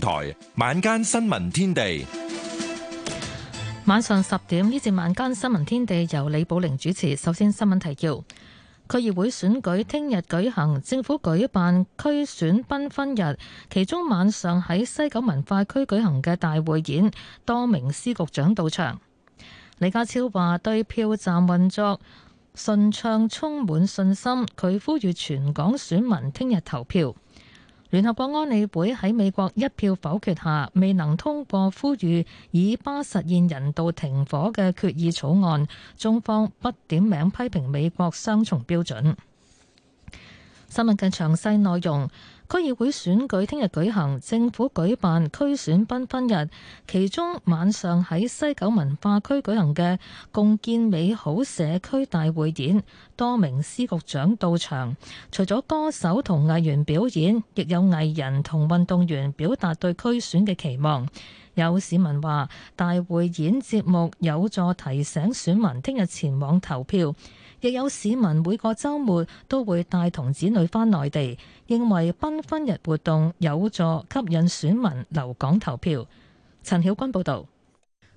台晚間新聞天地，晚上十點呢節晚間新聞天地由李寶玲主持。首先新聞提要，區議會選舉聽日舉行，政府舉辦區選繽紛日，其中晚上喺西九文化區舉行嘅大會演，多名司局長到場。李家超話對票站運作順暢充滿信心，佢呼籲全港選民聽日投票。聯合國安理會喺美國一票否決下，未能通過呼籲以巴實現人道停火嘅決議草案。中方不點名批評美國雙重標準。新聞嘅詳細內容。區議會選舉聽日舉行，政府舉辦區選繽紛日，其中晚上喺西九文化區舉行嘅共建美好社區大會演，多名司局長到場。除咗歌手同藝員表演，亦有藝人同運動員表達對區選嘅期望。有市民話，大會演節目有助提醒選民聽日前往投票。亦有市民每個週末都會帶同子女返內地，認為繽紛日活動有助吸引選民留港投票。陳曉君報導，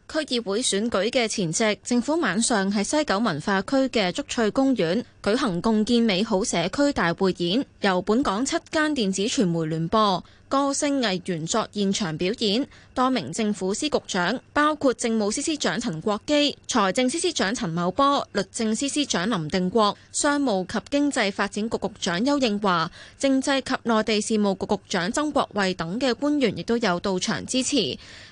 區議會選舉嘅前夕，政府晚上喺西九文化區嘅竹翠公園舉行共建美好社區大匯演，由本港七間電子傳媒聯播。歌星藝員作現場表演，多名政府司局長，包括政務司司長陳國基、財政司司長陳茂波、律政司司長林定國、商務及經濟發展局局長丘應樺、政制及內地事務局局長曾國衛等嘅官員亦都有到場支持。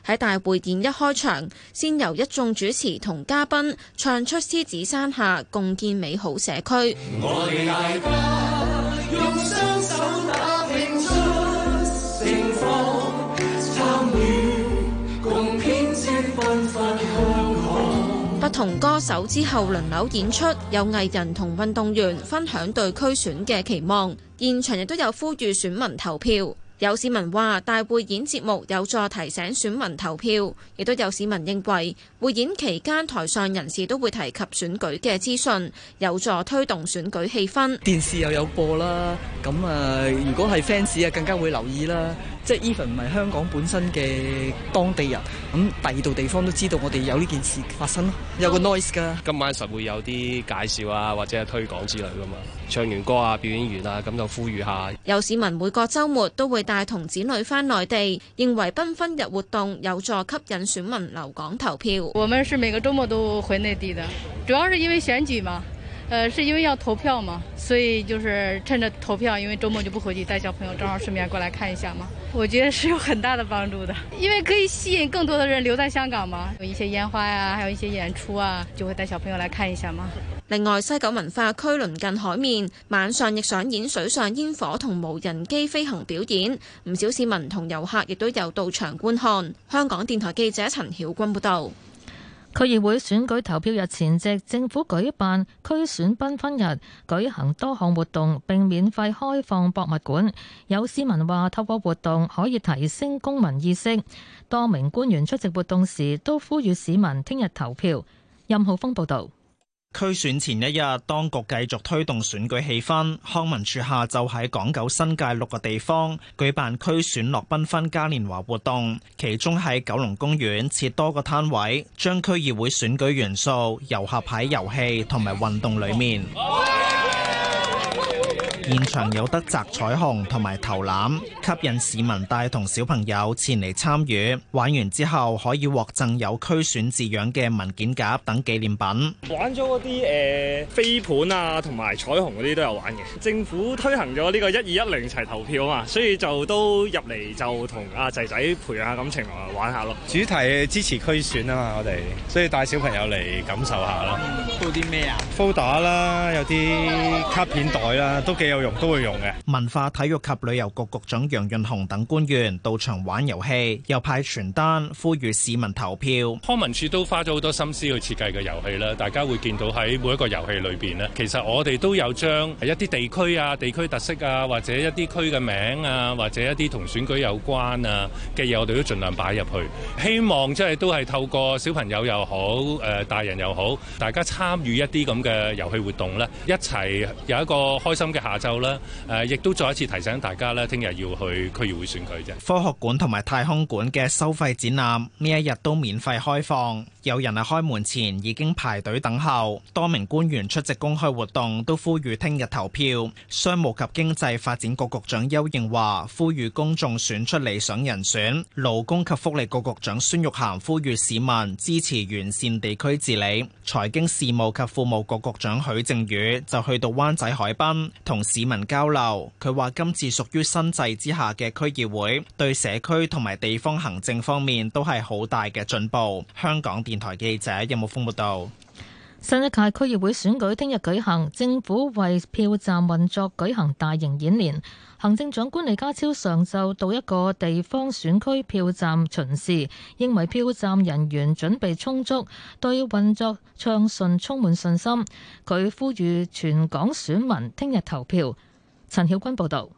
喺大會宴一開場，先由一眾主持同嘉賓唱出《獅子山下》，共建美好社區。我哋大家用雙手打拼出。同歌手之後輪流演出，有藝人同運動員分享對區選嘅期望，現場亦都有呼籲選民投票。有市民話：大會演節目有助提醒選民投票，亦都有市民認為會演期間台上人士都會提及選舉嘅資訊，有助推動選舉氣氛。電視又有播啦，咁啊、呃，如果係 fans 啊，更加會留意啦。即係 even 唔係香港本身嘅當地人，咁第二度地方都知道我哋有呢件事發生咯，有個 noise 㗎。今晚實會有啲介紹啊，或者係推廣之類㗎嘛。唱完歌啊，表演完啊，咁就呼籲下。有市民每個周末都會帶同子女翻內地，認為繽紛日活動有助吸引選民留港投票。我們是每個周末都回內地的，主要是因為選舉嘛，呃，是因為要投票嘛，所以就是趁着投票，因為周末就不回去帶小朋友，正好順便過來看一下嘛。我覺得是有很大的幫助的，因為可以吸引更多的人留在香港嘛。有一些煙花呀，還有一些演出啊，就會帶小朋友來看一下嘛。另外，西九文化區鄰近海面，晚上亦上演水上煙火同無人機飛行表演，唔少市民同遊客亦都有到場觀看。香港電台記者陳曉君報道。區議會選舉投票日前夕，政府舉辦區選繽紛日，舉行多項活動並免費開放博物館，有市民話透過活動可以提升公民意識，多名官員出席活動時都呼籲市民聽日投票。任浩峰報道。區選前一日，當局繼續推動選舉氣氛。康文署下晝喺港九新界六個地方舉辦區選樂繽紛嘉年華活動，其中喺九龍公園設多個攤位，將區議會選舉元素、遊客牌遊戲同埋運動裏面。現場有得摘彩虹同埋投籃，吸引市民帶同小朋友前嚟參與。玩完之後可以獲贈有區選字樣嘅文件夾等紀念品。玩咗嗰啲誒飛盤啊，同埋彩虹嗰啲都有玩嘅。政府推行咗呢個一二一零齊投票啊嘛，所以就都入嚟就同阿仔仔培養下感情同埋玩下咯。主題支持區選啊嘛，我哋所以帶小朋友嚟感受下咯。都啲咩啊？Folder 啦，er, 有啲卡片袋啦，都幾有。都會用嘅文化、體育及旅遊局局長楊潤雄等官員到場玩遊戲，又派傳單呼籲市民投票。康文署都花咗好多心思去設計嘅遊戲啦。大家會見到喺每一個遊戲裏邊咧，其實我哋都有將一啲地區啊、地區特色啊，或者一啲區嘅名啊，或者一啲同選舉有關啊嘅嘢，我哋都盡量擺入去。希望即係都係透過小朋友又好，誒大人又好，大家參與一啲咁嘅遊戲活動咧，一齊有一個開心嘅下晝。亦都再一次提醒大家咧，聽日要去區議會選舉。科學館同埋太空館嘅收費展覽，呢一日都免費開放。有人喺開門前已經排隊等候，多名官員出席公開活動，都呼籲聽日投票。商務及經濟發展局局長邱應華呼籲公眾選出理想人選。勞工及福利局局長孫玉菡呼籲市民支持完善地區治理。財經事務及庫務局局長許正宇就去到灣仔海濱同市民交流。佢話今次屬於新制之下嘅區議會，對社區同埋地方行政方面都係好大嘅進步。香港電台記者任木峰報道：新一屆區議會選舉聽日舉行，政府為票站運作舉行大型演練。行政長官李家超上晝到一個地方選區票站巡視，認為票站人員準備充足，對運作暢順充滿信心。佢呼籲全港選民聽日投票。陳曉君報道。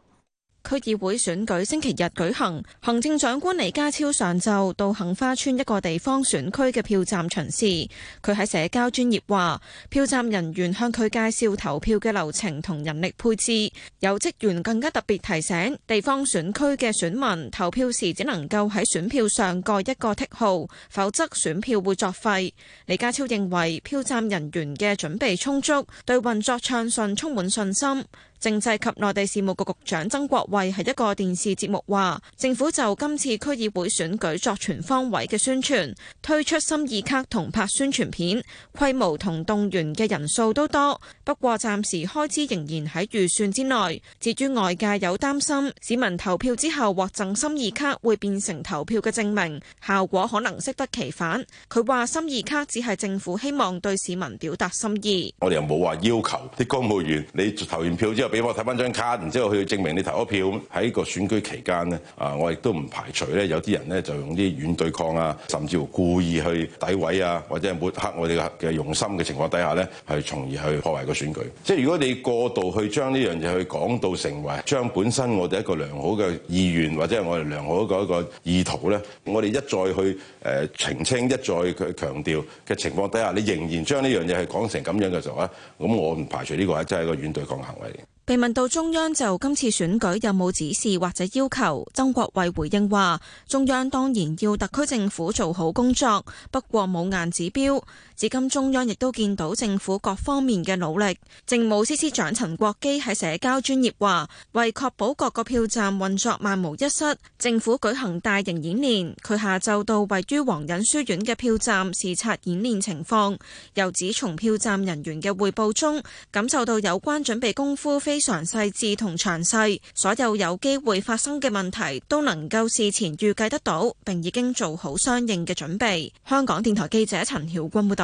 區議會選舉星期日舉行，行政長官李家超上晝到杏花邨一個地方選區嘅票站巡視。佢喺社交專頁話，票站人員向佢介紹投票嘅流程同人力配置，有職員更加特別提醒地方選區嘅選民投票時只能夠喺選票上蓋一個剔號，否則選票會作廢。李家超認為票站人員嘅準備充足，對運作暢順充滿信心。政制及內地事務局局長曾國衛喺一個電視節目話：政府就今次區議會選舉作全方位嘅宣傳，推出心意卡同拍宣傳片，規模同動員嘅人數都多。不過暫時開支仍然喺預算之內。至於外界有擔心市民投票之後獲贈心意卡會變成投票嘅證明，效果可能適得其反。佢話心意卡只係政府希望對市民表達心意。我哋又冇話要求啲公務員，你投完票之後，俾我睇翻張卡，然之後去證明你投咗票喺個選舉期間咧，啊，我亦都唔排除咧有啲人咧就用啲軟對抗啊，甚至乎故意去詆毀啊，或者抹黑我哋嘅嘅用心嘅情況底下咧，係從而去破壞個選舉。即係如果你過度去將呢樣嘢去講到成為將本身我哋一個良好嘅意願，或者係我哋良好一個一個意圖咧，我哋一再去誒澄清，一再去強調嘅情況底下，你仍然將呢樣嘢去講成咁樣嘅時候咧，咁我唔排除呢、呢個係真係一個軟對抗行為。被問到中央就今次選舉有冇指示或者要求，曾國衛回應話：中央當然要特區政府做好工作，不過冇硬指標。至今中央亦都見到政府各方面嘅努力。政務司司長陳國基喺社交專業話，為確保各個票站運作萬無一失，政府舉行大型演練，佢下晝到位於黃隱書院嘅票站視察演練情況，又指從票站人員嘅匯報中感受到有關準備功夫非常細致同詳細，所有有機會發生嘅問題都能夠事前預計得到，並已經做好相應嘅準備。香港電台記者陳曉君報道。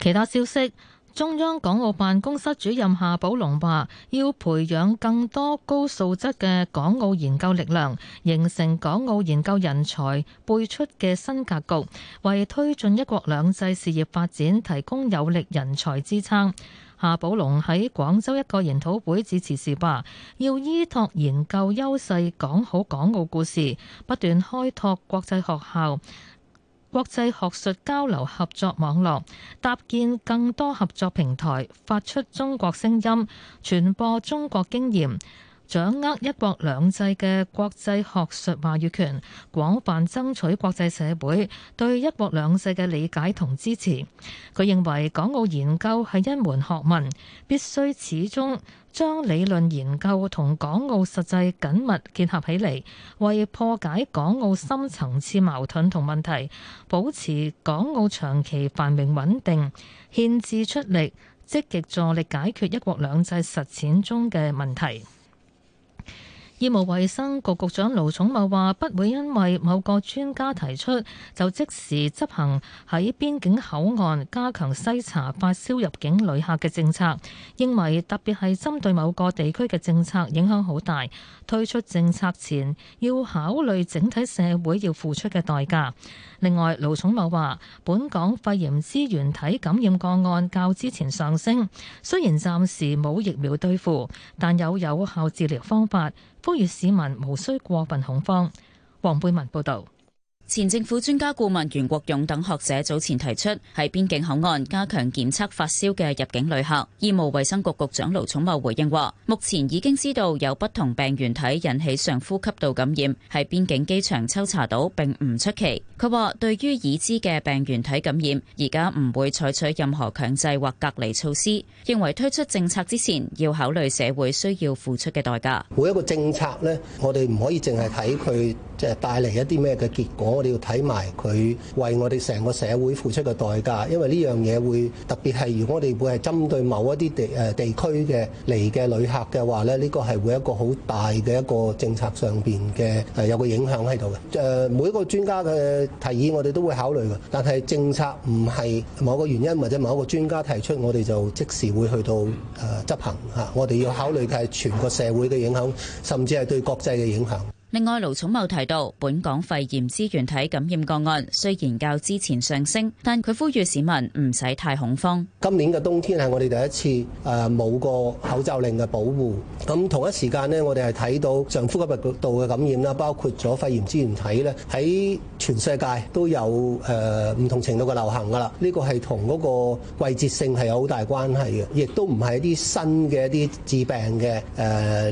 其他消息，中央港澳辦公室主任夏寶龍話：要培養更多高素質嘅港澳研究力量，形成港澳研究人才輩出嘅新格局，為推進一國兩制事業發展提供有力人才支撐。夏寶龍喺廣州一個研討會致辭時話：要依託研究優勢，講好港澳故事，不斷開拓國際學校。國際學術交流合作網絡，搭建更多合作平台，發出中國聲音，傳播中國經驗，掌握一國兩制嘅國際學術話語權，廣泛爭取國際社會對一國兩制嘅理解同支持。佢認為港澳研究係一門學問，必須始終，將理論研究同港澳實際緊密結合起嚟，為破解港澳深層次矛盾同問題，保持港澳長期繁榮穩定，獻智出力，積極助力解決一國兩制實踐中嘅問題。醫務衛生局局長盧寵茂話：不會因為某個專家提出就即時執行喺邊境口岸加強篩查發燒入境旅客嘅政策，認為特別係針對某個地區嘅政策影響好大，推出政策前要考慮整體社會要付出嘅代價。另外，盧寵茂話：本港肺炎支原體感染個案較之前上升，雖然暫時冇疫苗對付，但有有效治療方法。呼籲市民無需過分恐慌。黃貝文報導。前政府專家顧問袁國勇等學者早前提出，喺邊境口岸加強檢測發燒嘅入境旅客。醫務衛生局局長盧寵茂回應話，目前已經知道有不同病原體引起上呼吸道感染喺邊境機場抽查到，並唔出奇。佢話對於已知嘅病原體感染，而家唔會採取任何強制或隔離措施。認為推出政策之前，要考慮社會需要付出嘅代價，每一個政策咧，我哋唔可以淨係睇佢即係帶嚟一啲咩嘅結果。我哋要睇埋佢為我哋成個社會付出嘅代價，因為呢樣嘢會特別係如果我哋會係針對某一啲地誒地區嘅嚟嘅旅客嘅話咧，呢個係會一個好大嘅一個政策上邊嘅誒有個影響喺度嘅。誒，每一個專家嘅提議我哋都會考慮嘅。但係政策唔係某個原因或者某一個專家提出，我哋就即時會去到誒執行吓，我哋要考慮嘅係全個社會嘅影響，甚至係對國際嘅影響。另外，盧寵茂提到，本港肺炎支原體感染個案雖然較之前上升，但佢呼籲市民唔使太恐慌。今年嘅冬天係我哋第一次誒冇個口罩令嘅保護，咁同一時間咧，我哋係睇到上呼吸道嘅感染啦，包括咗肺炎支原體咧，喺全世界都有誒唔同程度嘅流行噶啦。呢個係同嗰個季節性係有好大關係嘅，亦都唔係一啲新嘅一啲致病嘅誒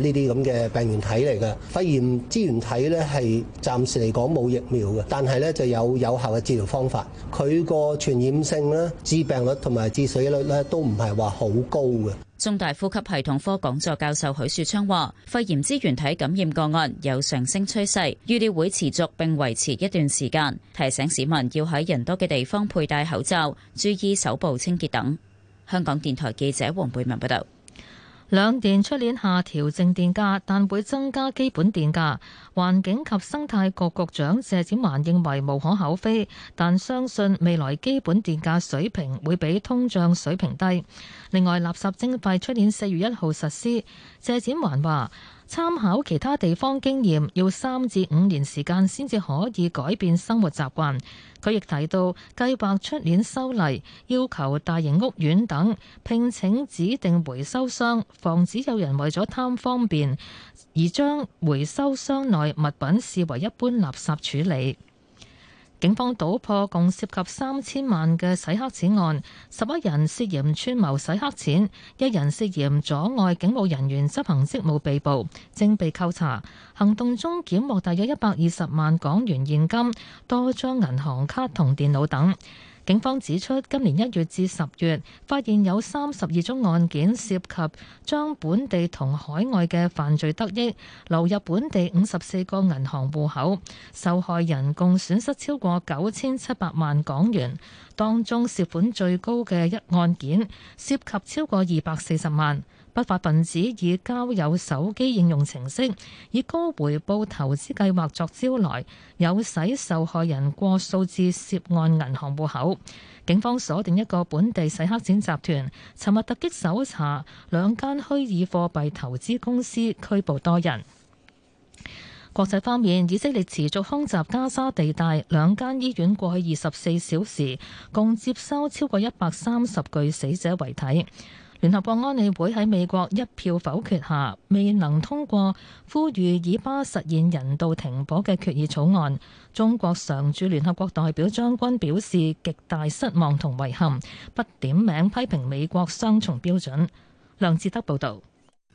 呢啲咁嘅病原體嚟嘅肺炎支。全體呢係暫時嚟講冇疫苗嘅，但係呢就有有效嘅治療方法。佢個傳染性啦、致病率同埋致死率呢都唔係話好高嘅。中大呼吸系統科講座教授許樹昌話：肺炎支原體感染個案有上升趨勢，預料會持續並維持一段時間。提醒市民要喺人多嘅地方佩戴口罩，注意手部清潔等。香港電台記者黃貝文報道。兩電出年下調正電價，但會增加基本電價。環境及生態局局長謝展寰認為無可厚非，但相信未來基本電價水平會比通脹水平低。另外，垃圾徵費出年四月一號實施，謝展寰話。參考其他地方經驗，要三至五年時間先至可以改變生活習慣。佢亦提到，計劃出年修例，要求大型屋苑等聘請指定回收商，防止有人為咗貪方便而將回收箱內物品視為一般垃圾處理。警方搗破共涉及三千萬嘅洗黑錢案，十一人涉嫌串謀洗黑錢，一人涉嫌阻礙警務人員執行職務被捕，正被扣查。行動中檢獲大約一百二十萬港元現金，多張銀行卡同電腦等。警方指出，今年一月至十月，發現有三十二宗案件涉及將本地同海外嘅犯罪得益流入本地五十四個銀行戶口，受害人共損失超過九千七百萬港元，當中涉款最高嘅一案件涉及超過二百四十萬。不法分子以交友手機應用程式、以高回報投資計劃作招徠，有使受害人過數至涉案銀行戶口。警方鎖定一個本地洗黑錢集團，尋日突擊搜查兩間虛擬貨幣投資公司，拘捕多人。國際方面，以色列持續空襲加沙地帶，兩間醫院過去二十四小時共接收超過一百三十具死者遺體。聯合國安理會喺美國一票否決下，未能通過呼籲以巴實現人道停火嘅決議草案。中國常駐聯合國代表張軍表示極大失望同遺憾，不點名批評美國雙重標準。梁志德報導。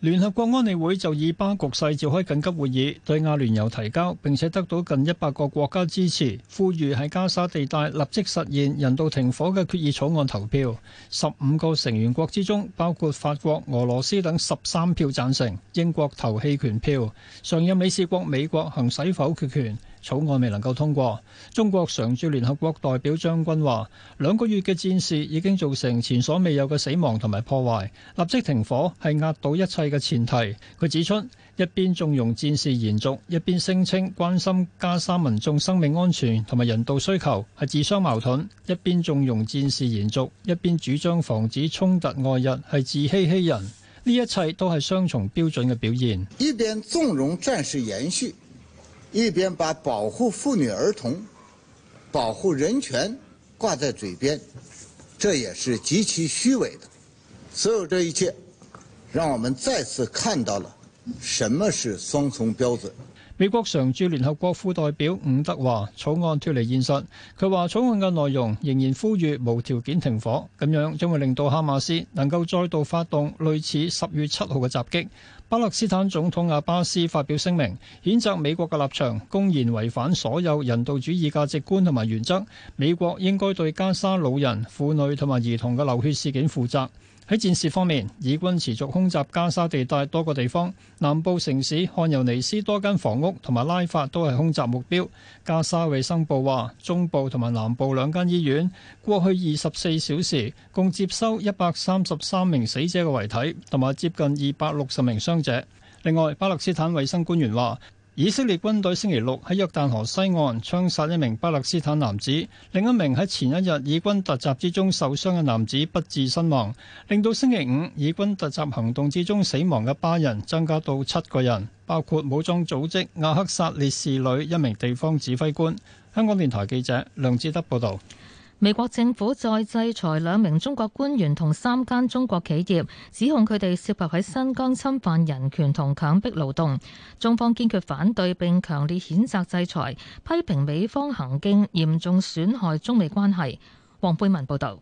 聯合國安理會就以巴局勢召開緊急會議，對阿聯酋提交並且得到近一百個國家支持，呼籲喺加沙地帶立即實現人道停火嘅決議草案投票。十五個成員國之中，包括法國、俄羅斯等十三票贊成，英國投棄權票，常任理事國美國行使否決權。草案未能夠通過。中國常駐聯合國代表張軍話：兩個月嘅戰事已經造成前所未有嘅死亡同埋破壞，立即停火係壓倒一切嘅前提。佢指出，一邊縱容戰事延續，一邊聲稱關心加沙民眾生命安全同埋人道需求，係自相矛盾；一邊縱容戰事延續，一邊主張防止衝突外溢，係自欺欺人。呢一切都係雙重標準嘅表現。一邊縱容戰事延續。一邊把保護婦女兒童、保護人權掛在嘴邊，這也是極其虛偽的。所有這一切，讓我們再次看到了什麼是雙重標準。美國常駐聯合國副代表伍德華，草案脫離現實。佢話草案嘅內容仍然呼籲無條件停火，咁樣將會令到哈馬斯能夠再度發動類似十月七號嘅襲擊。巴勒斯坦總統阿巴斯發表聲明，譴責美國嘅立場，公然違反所有人道主義價值觀同埋原則。美國應該對加沙老人、婦女同埋兒童嘅流血事件負責。喺戰事方面，以軍持續空襲加沙地帶多個地方，南部城市汗尤尼斯多間房屋同埋拉法都係空襲目標。加沙衛生部話，中部同埋南部兩間醫院過去二十四小時共接收一百三十三名死者嘅遺體，同埋接近二百六十名傷者。另外，巴勒斯坦衛生官員話，以色列軍隊星期六喺約旦河西岸槍殺一名巴勒斯坦男子，另一名喺前一日以軍突襲之中受傷嘅男子不治身亡，令到星期五以軍突襲行動之中死亡嘅巴人增加到七個人，包括武裝組織阿克薩烈士旅一名地方指揮官。香港電台記者梁志德報道。美國政府再制裁兩名中國官員同三間中國企業，指控佢哋涉及喺新疆侵犯人權同強迫勞動。中方堅決反對並強烈譴責制裁，批評美方行徑嚴重損害中美關係。黃貝文報道：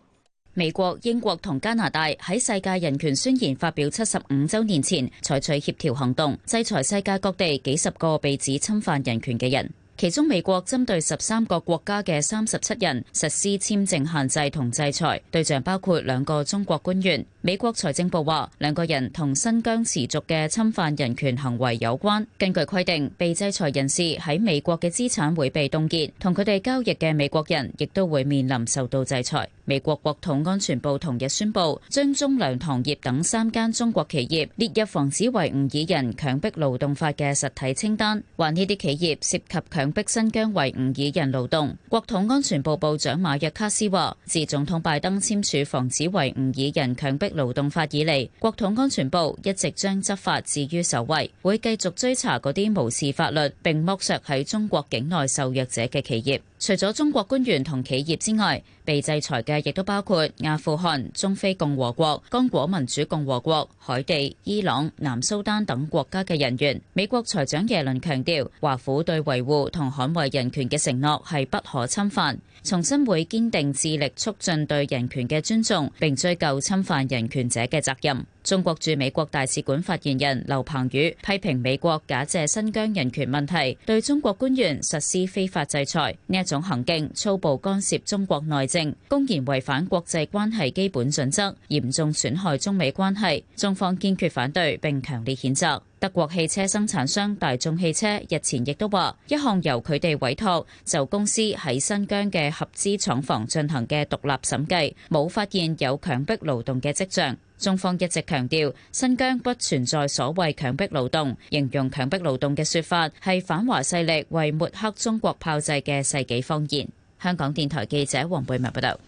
美國、英國同加拿大喺世界人權宣言發表七十五周年前，採取協調行動，制裁世界各地幾十個被指侵犯人權嘅人。其中美國針對十三個國家嘅三十七人實施簽證限制同制裁，對象包括兩個中國官員。美國財政部話，兩個人同新疆持續嘅侵犯人權行為有關。根據規定，被制裁人士喺美國嘅資產會被凍結，同佢哋交易嘅美國人亦都會面臨受到制裁。美國國土安全部同日宣布，將中糧、糖業等三間中國企業列入防止維吾爾人強迫勞動法嘅實體清單，話呢啲企業涉及強逼新疆維吾爾人勞動，國土安全部部長馬約卡斯話，自總統拜登簽署防止維吾爾人強迫勞動法以嚟，國土安全部一直將執法置於首位，會繼續追查嗰啲無視法律並剝削喺中國境內受虐者嘅企業。除咗中國官員同企業之外，被制裁嘅亦都包括阿富汗、中非共和國、剛果民主共和國、海地、伊朗、南蘇丹等國家嘅人員。美國財長耶倫強調，華府對維護同捍衛人權嘅承諾係不可侵犯。重申會堅定致力促進對人權嘅尊重，並追究侵犯人權者嘅責任。中國駐美國大使館發言人劉鵬宇批評美國假借新疆人權問題對中國官員實施非法制裁，呢一種行徑，粗暴干涉中國內政，公然違反國際關係基本準則，嚴重損害中美關係。中方堅決反對，並強烈譴責。德國汽車生產商大眾汽車日前亦都話，一項由佢哋委託就公司喺新疆嘅合資廠房進行嘅獨立審計，冇發現有強迫勞動嘅跡象。中方一直強調，新疆不存在所謂強迫勞動，形容強迫勞動嘅說法係反華勢力為抹黑中國炮製嘅世紀謊言。香港電台記者黃貝文報道。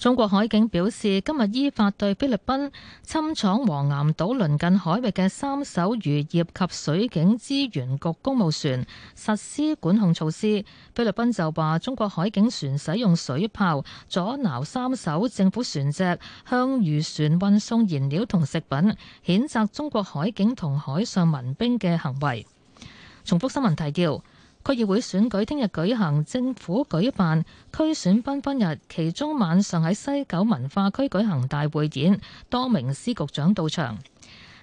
中國海警表示，今日依法對菲律賓侵闖黃岩島鄰近海域嘅三艘漁業及水警資源局公務船實施管控措施。菲律賓就話，中國海警船使用水炮阻撓三艘政府船隻向漁船運送燃料同食品，譴責中國海警同海上民兵嘅行為。重複新聞提要。區議會選舉聽日舉行，政府舉辦區選繽紛日，其中晚上喺西九文化區舉行大會演，多名司局長到場。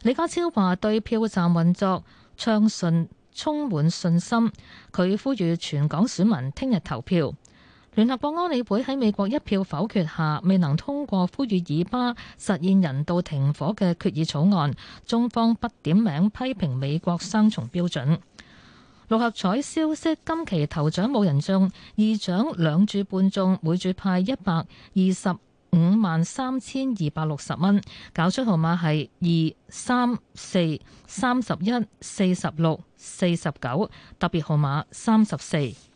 李家超話對票站運作暢順充滿信心，佢呼籲全港選民聽日投票。聯合國安理會喺美國一票否決下未能通過呼籲以巴實現人道停火嘅決議草案，中方不點名批評美國雙重標準。六合彩消息：今期頭獎冇人中，二獎兩注半中，每注派一百二十五萬三千二百六十蚊。搞出號碼係二三四三十一四十六四十九，特別號碼三十四。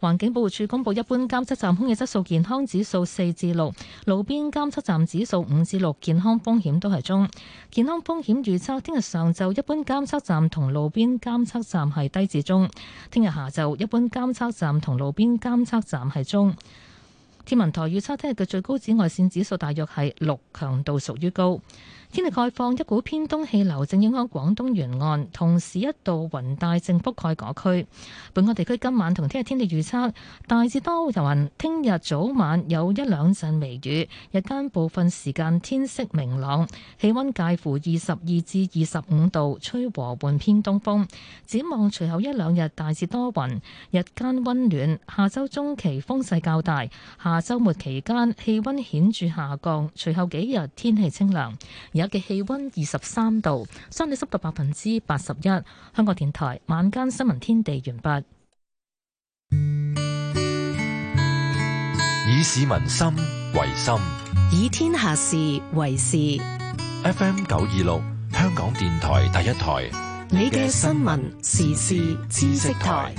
環境保護署公布，一般監測站空氣質素健康指數四至六，路邊監測站指數五至六，健康風險都係中。健康風險預測，聽日上晝一般監測站同路邊監測站係低至中，聽日下晝一般監測站同路邊監測站係中。天文台預測，聽日嘅最高紫外線指數大約係六，強度屬於高。天氣概況：一股偏東氣流正影響廣東沿岸，同時一度雲帶正覆蓋嗰區。本港地區今晚同聽日天氣預測大致多雲，聽日早晚有一兩陣微雨，日間部分時間天色明朗，氣温介乎二十二至二十五度，吹和緩偏東風。展望隨後一兩日大致多雲，日間温暖。下周中期風勢較大，下周末期間氣温顯著下降，隨後幾日天氣清涼。日嘅氣溫二十三度，相對濕度百分之八十一。香港電台晚間新聞天地完畢。以市民心為心，以天下事為事。FM 九二六， 26，香港電台第一台，你嘅新聞時事知識台。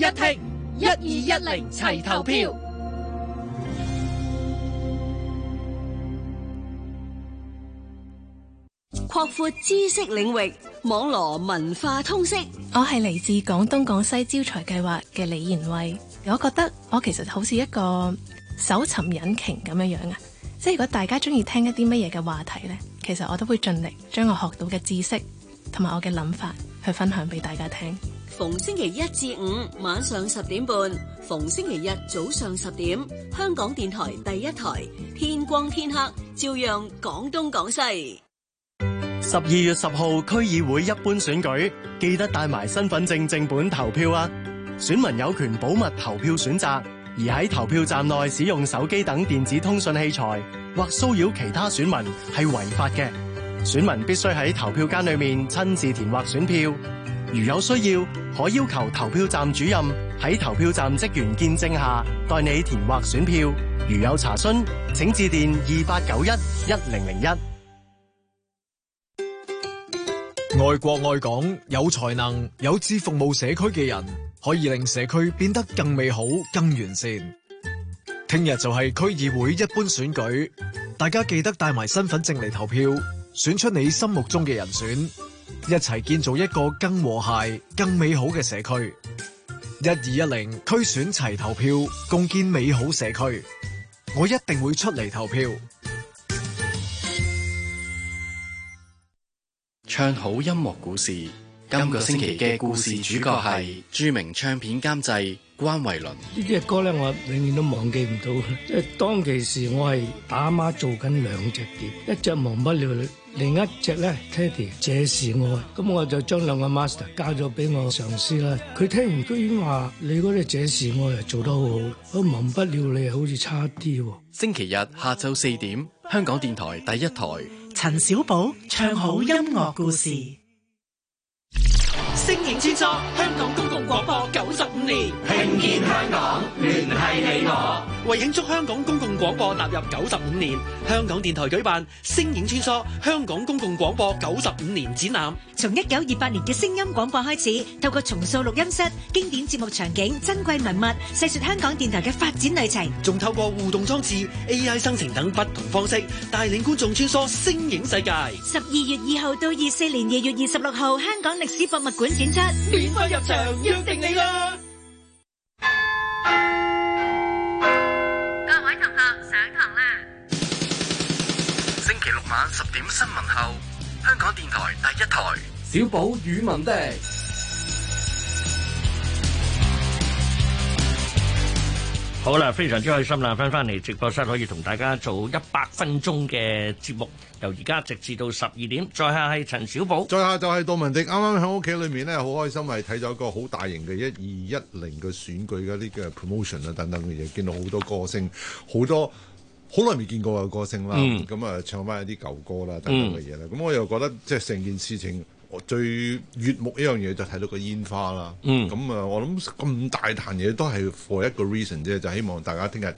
一聽，一二一零齊投票，擴闊知識領域，網羅文化通識。我係嚟自廣東廣西招財計劃嘅李賢威。我覺得我其實好似一個搜尋引擎咁樣樣啊！即係如果大家中意聽一啲乜嘢嘅話題呢，其實我都會盡力將我學到嘅知識同埋我嘅諗法去分享俾大家聽。逢星期一至五晚上十點半，逢星期日早上十點，香港電台第一台，天光天黑照樣講東講西。十二月十號區議會一般選舉，記得帶埋身份證正本投票啊！選民有權保密投票選擇，而喺投票站內使用手機等電子通訊器材或騷擾其他選民係違法嘅。選民必須喺投票間裏面親自填劃選票。如有需要，可要求投票站主任喺投票站職員見證下，代你填劃選票。如有查詢，請致電二八九一一零零一。愛國愛港、有才能、有志服務社區嘅人，可以令社區變得更美好、更完善。聽日就係區議會一般選舉，大家記得帶埋身份證嚟投票，選出你心目中嘅人選。一齊建造一個更和諧、更美好嘅社區。一、二、一零區選齊投票，共建美好社區。我一定會出嚟投票。唱好音樂故事，今個星期嘅故事主角係著名唱片監製關維倫。呢隻歌咧，我永遠都忘記唔到。即 係當其時，我係打媽做緊兩隻碟，一隻忘不了。另一隻咧，Teddy 這是愛，咁我，我就將兩個 master 交咗俾我上司啦。佢聽完居然話：你嗰隻這是愛呀做得好好，我忘不了你好似差啲喎。星期日下晝四點，香港電台第一台，陳小寶唱好音樂故事，星影之作香港。公共廣播九十五年，聽見香港，聯繫你我，為慶祝香港公共廣播踏入九十五年，香港電台舉辦《聲影穿梭香港公共廣播九十五年展覽》，從一九二八年嘅聲音廣播開始，透過重塑錄音室、經典節目場景、珍貴文物，細說香港電台嘅發展旅程，仲透過互動裝置、AI 生成等不同方式，帶領觀眾穿梭聲影世界。十二月二號到二四年二月二十六號，香港歷史博物館展出，免費入場。約定你啦！各位同學，上堂啦！星期六晚十點新聞後，香港電台第一台小寶語文的。好啦，非常之開心，翻翻嚟直播室可以同大家做一百分鐘嘅節目，由而家直至到十二點。再下係陳小寶，再下就係杜文迪。啱啱喺屋企裏面咧，好開心係睇咗一個好大型嘅一二一零嘅選舉嘅呢個 promotion 啊等等嘅嘢，見到好多歌星，好多好耐未見過嘅歌星啦。咁啊、嗯，唱翻一啲舊歌啦，等等嘅嘢啦。咁、嗯、我又覺得即係成件事情。我最悅目一樣嘢就睇到個煙花啦，咁、嗯、啊，我諗咁大壇嘢都係 for 一個 reason 啫，就是、希望大家聽日。